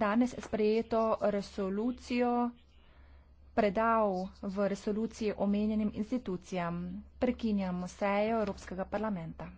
danes sprejeto resolucijo predal v resoluciji omenjenim institucijam. Prekinjamo sejo Evropskega parlamenta.